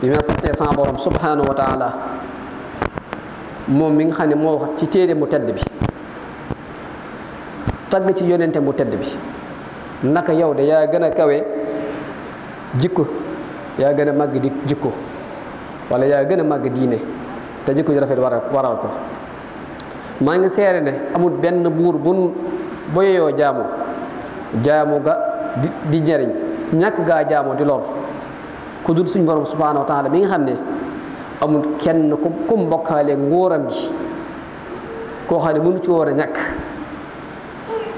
bi ma santee sama borom subhanahu wa moom mi nga xam ne moo wax ci téere mu tedd bi tagg ci yonente mu tedd bi naka yow de yaa gën a kawe jikko yaa gën a màgg di jikko walla yaa gën a màgg diine te jikko ju rafet waral waral ko maa ngi seere ne amul benn buur bun boyeyoo jaamu jaamu ga di njariñ ñàkk gaa jaamu di lor ku dul suñ borom subhanahu wa taala mi nga xam ne amul kenn ko ku mbokkaale nguuram gi koo xam ne mënu ci woor a ñàkk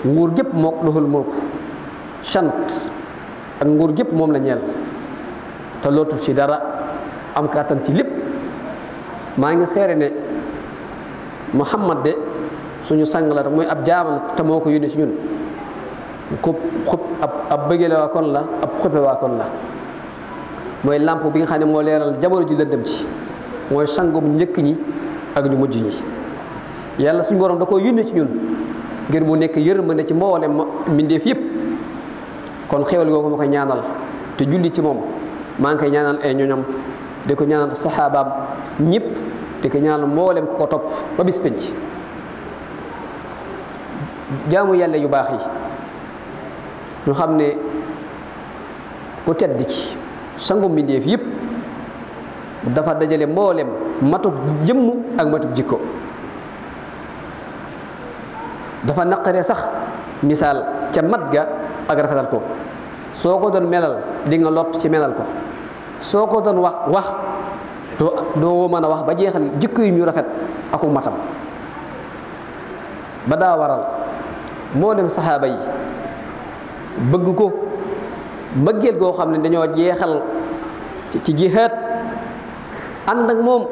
nguur gépp mook doxul mulk sant ak nguur gépp moom la ñeel te lootul ci dara am kàttan ci lépp maa ngi seere ne Muhammad de suñu sang la mooy ab jaam la te moo ko yónni ci ñun ku xub ab ab bëggee waa kon la ab xuppe waa kon la mooy làmp bi nga xam ne moo leeral jamono ji lëndëm ci mooy sangum njëkk ñi ak ñu mujj ñi yàlla suñu borom da ko yónne ci ñun ngir mu nekk yërmande ci mboolem mbindeef yëpp kon xéwal googu ma koy ñaanal te julli ci moom maa ngi koy ñaanal ay ñoñam di ko ñaanal saxaabaam ñëpp di ko ñaanal mboolem ku ko topp ba bis penc jaamu yàlla yu baax yi ñu xam ne ku tedd ci sangu mbindeef yépp dafa dajale mboolem matuk jëmm ak matuk jikko dafa naqare sax misaal ca mat ga ak rafetal ko soo ko doon melal di nga lott ci melal ko soo ko doon wax wax doo doo mën a wax ba jeexal jikko yi ñu rafet aku matam ba daa waral moo dem saxaaba yi bëgg ko mbëggeel goo xam ne dañoo jeexal ci jihaat ànd ak moom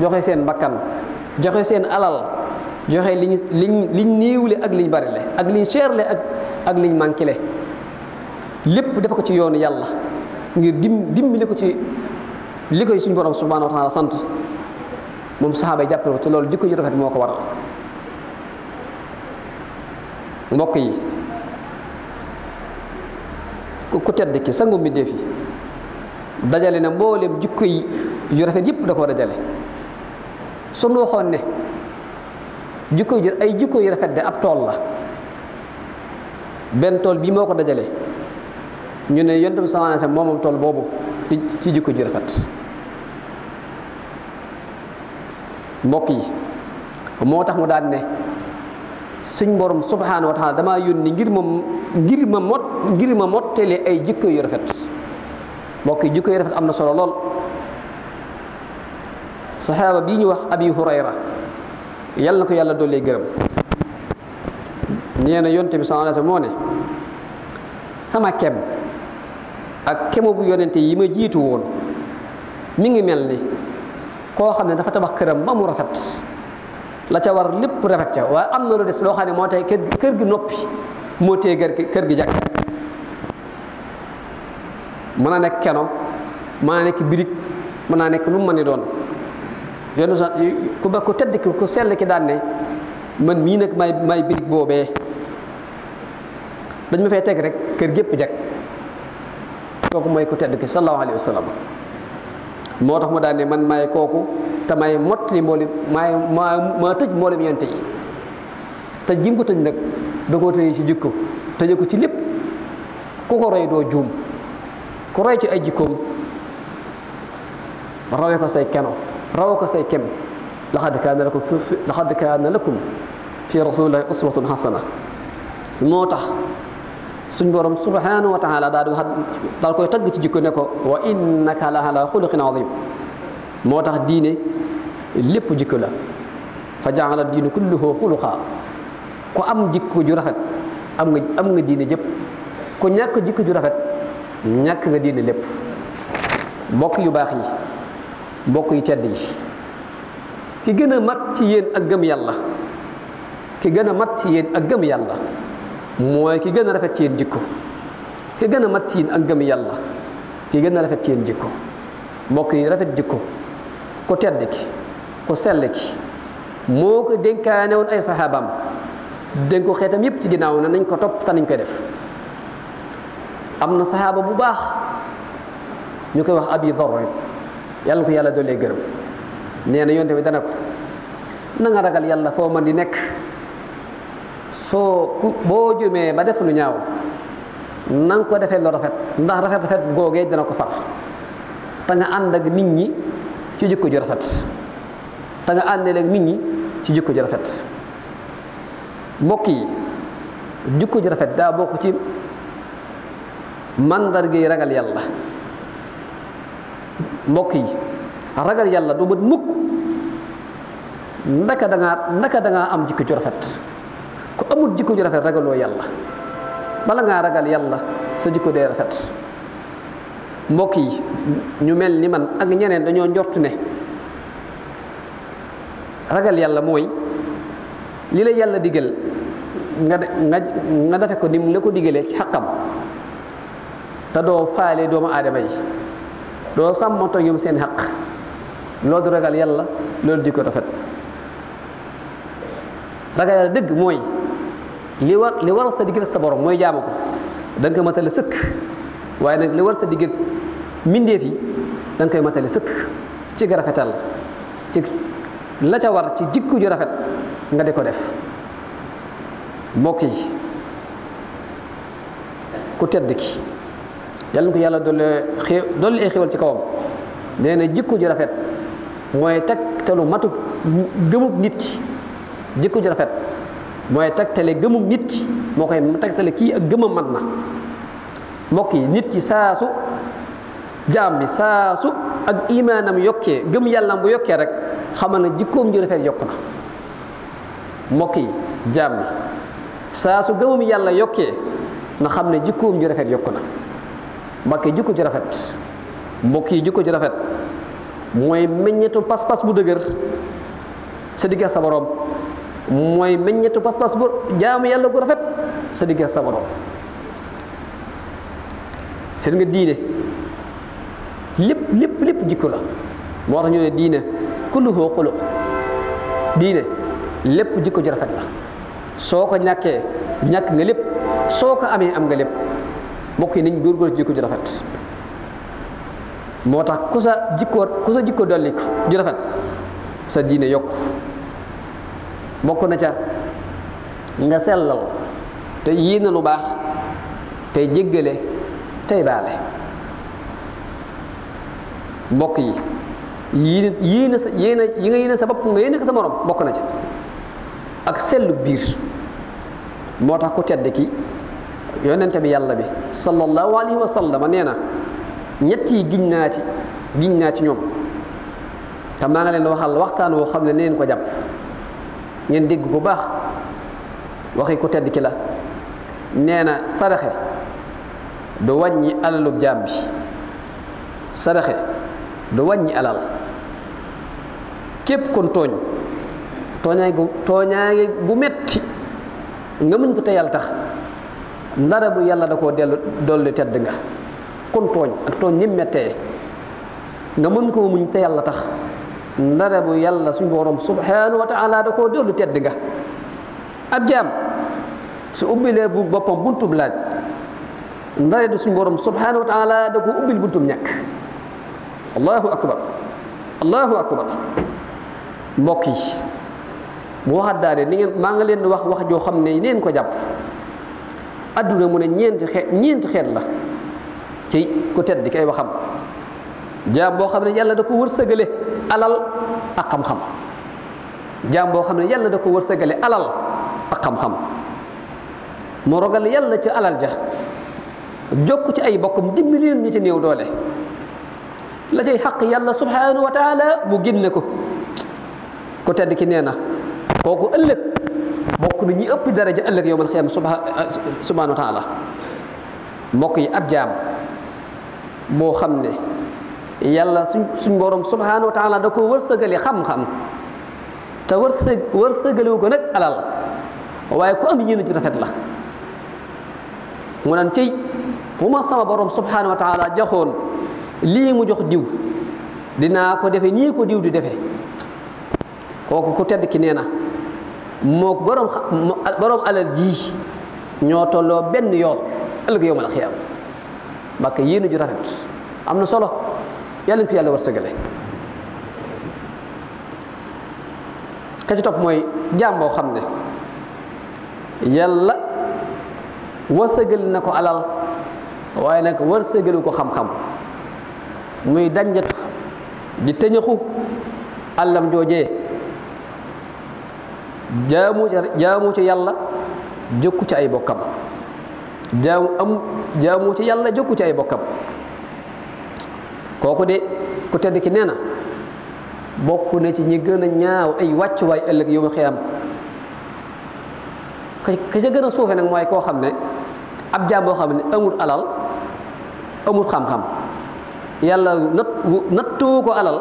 joxe seen bakkan joxe seen alal joxe liñ liñ liñ néewle ak liñ bari le ak liñ seerle ak ak liñ manqué lépp dafa ko ci yoonu yàlla ngir dim dimbali ko ci li koy suñu borom subhanahu wa sant moom saxaaba yi jàppale ko te loolu jikko ji rafet moo ko waral mbokk yi ku tedd ki sangu mbindéef yi dajale na mboolem jikko yi yu rafet yëpp da koo dajale sunu waxoon ne jikko yu ay jikko yu rafet de ab tool la benn tool bii moo ko dajale ñu ne yonent bi sallallahu alayhi tool boobu ci jikko ju rafet mbokk yi moo tax mu daan ne suñ borom subhaanahu wa taala yónni ngir moom ngir ma mot ngir ma mottali ay jikko yu rafet mbokk yi jikko yu rafet am na solo lool saxaaba bii ñu wax abi hurayra yàlla na ko yàlla dolli gërëm nee na yonte bi sallallahu alayhi wasallam moo ne sama kem ak kemo bu yonente yi ma jiitu woon mi ngi mel ni koo xam ne dafa tabax këram ba mu rafet la ca war lépp rafet ca waaye am na lu des loo xam ne moo tey kër gi noppi mootee kër gi jag mën naa nekk keno mën naa nekk birig mën naa nekk lu mu mën ni doon yoonu sa ku ba ku tedd ki ku sell ki daan ne man mii nag may may birig boobee dañ ma fay teg rek kër gépp jag kooku mooy ku tedd ki sallallahu alayhi wa sallam moo tax mu daan ne man maay kooku te may mot li mboolem maay maa maa tëj mboolem yonte yi te jim ko tëj nag da koo tëye ci jikko tëje ko ci lépp ku ko roy doo juum ku roy ci ay jikkoom rawe ko say keno rawe ko say kem laxad kaana lakum laxad kaana lakum fi rasulillahi uswatun hasana moo tax suñ borom subhanahu wa taala daal di wax daal koy tagg ci jikko ne ko wa innaka la ala xuluqin azim moo tax diine lépp jikko la fa jaala diinu kulluhu xuluqa ku am jikko ju rafet am nga am nga diine jëpp ku ñàkk jikko ju rafet ñàkk nga diine lépp mbokk yu baax yi mbokk yu tedd yi ki gën a mat ci yéen ak gëm yàlla ki gën a mat ci yéen ak gëm yàlla mooy ki gën a rafet ci yéen jikko ki gën a mat ci yéen ak gëm ki gën a rafet ci yéen jikko mbokk yi rafet jikko ku tedd ki ku sell ki moo ko dénkaane woon ay saxaabaam dénk ko xeetam yépp ci ginnaaw ne nañ ko topp te nañ koy def am na saxaaba bu baax ñu koy wax abi dhar yàlla ko yàlla doolee gërëm nee na yonte bi dana ko nanga nga ragal yàlla foo mën di nekk soo boo jumee ba def lu ñaaw na nga ko defee lu rafet ndax rafet rafet googee dana ko far te nga ànd ak nit ñi ci jikko ju rafet te nga àndee ak nit ñi ci jikko ju rafet mbokk yi jikko ji rafet daa bokk ci màndarga yi ragal yàlla mbokk yi ragal yàlla du mën mukk ndaka da ndaka da am jikko ju rafet ku amul jikko ju rafet ragaloo yàlla bala ngaa ragal yàlla sa jikko dee rafet mbokk yi ñu mel ni man ak ñeneen dañoo njort ne ragal yàlla mooy li la yàlla diggal nga defe ko ni mu la ko digalee ci xaqam te doo faale doomu aadama yi doo sàmmanto ñoom seen xaq loo du ragal yàlla loolu jikko rafet ragal yàlla dëgg mooy li war li war sa digg sa borom mooy jaamu ko da koy matale sëkk waaye nag li war sa digg ak mbindeef yi da nga koy matale sëkk ci ga rafetal ci la ca war ci jikko ju rafet nga di ko def mbokk yi ku tedd ki yàlla na ko yàlla doole xew doole ay xewal ci kawam nee na jikko ju rafet mooy tegtalu matu gëmub nit ki jikko rafet mooy tegtale gëmub nit ki moo koy tegtale kii ak gëmam mat na mbokk yi nit ki saasu jaam bi saasu ak imaanam yokkee gëm yàlla bu yokkee rek xamal na jikkoom ji rafet yokk na mbokk yi jaam bi saa su gëmam yàlla yokkee nga xam ne jikkoom ju rafet yokk na mbokk yi jikko ju rafet mbokk yi jikko ju rafet mooy meññetu pas-pas bu dëgër sa digga sa borom mooy meññetu pas-pas bu jaamu yàlla gu rafet sa digga sa borom seen nga diine lépp lépp lépp jikko la moo tax ñu ne diine kulluhu xuluq diine lépp jikko ju rafet la soo ko ñàkkee ñàkk nga lépp soo ko amee am nga lépp mbokk yi nañ góorgóorlu jikko ju rafet moo tax ku sa jikko ku sa jikko dolli ju rafet sa diine yokk bokk na ca nga sellal te na lu baax tey jéggale tey baale mbokk yi yéene yéene sa yéene yi nga yéene sa bopp nga yéene ko sa morom mbokk na ca ak sellu biir moo tax ku tedd ki yonente bi yàlla bi sallallahu alayhi wa sallam nee na ñett yi giñ naa ci giñ naa ci ñoom te maa nga leen waxal waxtaan woo xam ne neen ko jàpp ngeen dégg bu baax waxi ku tedd ki la nee na saraxe du wàññi alalub jaam bi saraxe du wàññi alal képp kon tooñ tooñaay gu tooñaay gu metti nga mën ko te yàlla tax ndara bu yàlla da koo dellu dolli tedd nga kon tooñ ak tooñ ni mettee nga mën koo muñ te yàlla tax ndara bu yàlla suñ borom subhanahu wa da koo dellu tedd nga ab jaam su ubbilee bu boppam buntub laaj ndare di suñ borom subhanahu wa taala da ko ubbil buntum ñàkk allahu akbar allahu akbar mbokk yi bu waxat daane ni ngeen maa nga leen di wax wax joo xam ne neen ko jàpp adduna mu ne ñeenti xeet ñeenti xeet la ci ku tedd ki ay waxam jaam boo xam ne yàlla da ko wërsëgale alal ak xam-xam jaam xam ne yàlla da ko wërsëgale alal ak xam-xam mu rogal yàlla ci alal ja jokk ci ay bokkam dimbali leen ñi ci néew doole la cay xaq yàlla subhanahu wa taala mu génne ko ku tedd ki nee na koku ëlëk bokk na ñi ëpp daraja ëlëk yowul xiyam subhanahu wa taala mbokk yi ab jaam mo xamne yàlla suñ borom subhanahu wa taala da ko wërsëgale xam-xam ta wërsëg wërsegalé ko nak alal waye ko am yéene ci rafet la mu nan ci bu ma sama borom subhanahu wa taala joxoon li mu jox diw dina ko defe ni ko diw du defe koku ku tedd ki neena moo borom borom alal ji ñoo tolloo benn yoon ëllëg yow ma la xiyam mbàkk yéen a ju rafet am na solo yàlla ko yàlla war sëgale ka mooy jaam xam ne yàlla war sëgal na ko alal waaye nag war sëgalu ko xam-xam muy danjatu di tëñëxu àllam joojee jaamu ca jaamu ci yàlla jëkku ci ay bokkam jaamu am jaamu ci yàlla jëkku ci ay bokkam kooku de ku tedd ki nee na bokk na ci ñi gën a ñaaw ay wàccuwaay ëllëg yow xiyam ka ca gën a suufe nag mooy koo xam ne ab jaam xam ne amul alal amul xam-xam yàlla nat nattu ko alal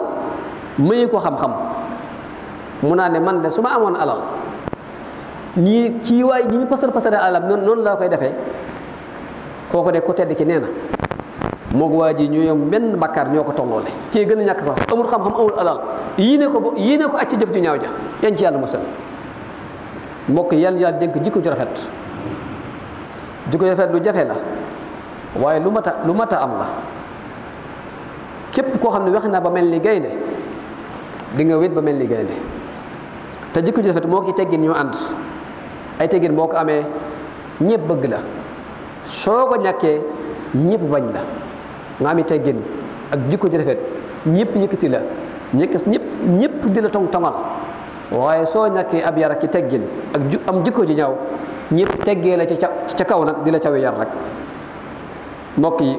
mayu ko xam-xam mu naa ne man de su ma amoon alal ñii kii waay ñi ñu pasar pasare alam noonu noonu laa koy defee kooku de ku tedd ki nee na moog waa ji ñu yom benn bakkaar ñoo ko tolloole kii gën a ñàkk sax amul xam-xam amul alal yii ne ko ba yii ne ko acc jëf ju ñaaw ja yan ci yàlla musal mbokk yàlla yàlla dénk jikko ju rafet jikko ju rafet lu jafe la waaye lu mata lu mata am la képp koo xam ne wex naa ba mel ni gaynde di nga wét ba mel ni gaynde te jikko ju rafet moo ki teggin ñoo ànd ay teggin boo ko amee ñëpp bëgg la soo ko ñàkkee ñëpp bañ la nga ami teggin ak jikko ji rafet ñëpp yëkkati la ñëkk ñépp ñëpp di la tong tongal waaye soo ñàkkee ab yar ak ci teggin ak am jikko ji ñaw ñëpp teggee la ca kaw nag di la cawe yar rek mbokk yi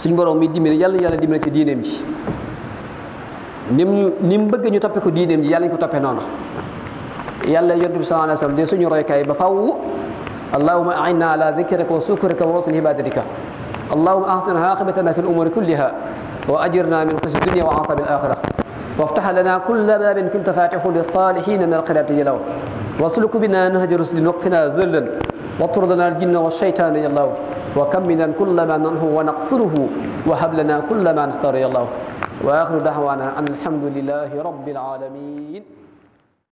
suñ borom mi dimbali yàlla yàlla dimbali ci diineem ji nim ñu ni mu bëgg ñu toppee ko diineem ji yàlla ñu ko toppee noonu يلا يجرب سانة سب دي سنجر كاي بفو اللهم أعنا على ذكرك وشكرك وحسن عبادتك اللهم أحسن عاقبتنا في الأمور كلها وأجرنا من قصة الدنيا وعصب الآخرة وافتح لنا كل باب كنت فاتحه للصالحين من القرية يلو واسلك بنا نهج رسل وقفنا ذلا واطردنا الجن والشيطان يا الله وكمنا كل ما ننهو ونقصره وهب لنا كل ما نختار يا الله واخر دعوانا ان الحمد لله رب العالمين